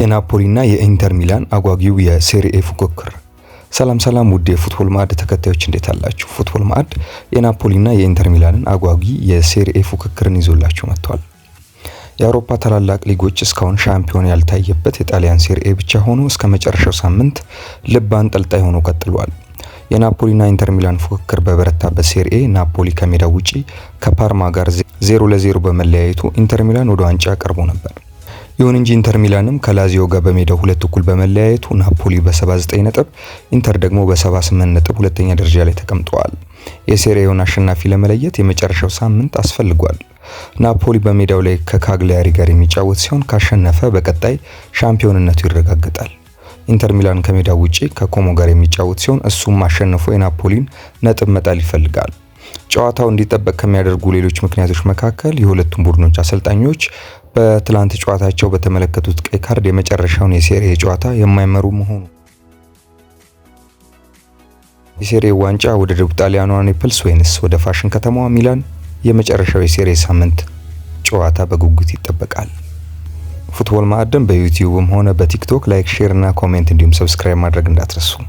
የናፖሊና የኢንተር ሚላን አጓጊው የሴሪኤ ፉክክር። ሰላም ሰላም ውድ የፉትቦል ማዕድ ተከታዮች እንዴት አላችሁ? ፉትቦል ማዕድ የናፖሊና የኢንተር ሚላንን አጓጊ የሴሪኤ ፉክክርን ይዞላችሁ መጥቷል። የአውሮፓ ታላላቅ ሊጎች እስካሁን ሻምፒዮን ያልታየበት የጣሊያን ሴሪኤ ብቻ ሆኖ እስከ መጨረሻው ሳምንት ልብ አንጠልጣይ ሆኖ ቀጥሏል። የናፖሊና ኢንተር ሚላን ፉክክር በበረታበት ሴሪኤ ናፖሊ ከሜዳው ውጪ ከፓርማ ጋር ዜሮ ለዜሮ በመለያየቱ ኢንተር ሚላን ወደ ዋንጫ ቀርቦ ነበር። ይሁን እንጂ ኢንተር ሚላንም ከላዚዮ ጋር በሜዳው ሁለት እኩል በመለያየቱ ናፖሊ በ79 ነጥብ፣ ኢንተር ደግሞ በ78 ነጥብ ሁለተኛ ደረጃ ላይ ተቀምጠዋል። የሴሪያውን አሸናፊ ለመለየት የመጨረሻው ሳምንት አስፈልጓል። ናፖሊ በሜዳው ላይ ከካግሊያሪ ጋር የሚጫወት ሲሆን ካሸነፈ በቀጣይ ሻምፒዮንነቱ ይረጋገጣል። ኢንተር ሚላን ከሜዳው ውጪ ከኮሞ ጋር የሚጫወት ሲሆን እሱም አሸንፎ የናፖሊን ነጥብ መጣል ይፈልጋል። ጨዋታው እንዲጠበቅ ከሚያደርጉ ሌሎች ምክንያቶች መካከል የሁለቱም ቡድኖች አሰልጣኞች በትላንት ጨዋታቸው በተመለከቱት ቀይ ካርድ የመጨረሻውን የሴሬ ጨዋታ የማይመሩ መሆኑ የሴሬ ዋንጫ ወደ ደቡብ ጣሊያኗ ኔፕልስ ወይንስ ወደ ፋሽን ከተማዋ ሚላን? የመጨረሻው የሴሬ ሳምንት ጨዋታ በጉጉት ይጠበቃል። ፉትቦል ማዕድን በዩቲዩብም ሆነ በቲክቶክ ላይክ፣ ሼር እና ኮሜንት እንዲሁም ሰብስክራይብ ማድረግ እንዳትረሱ።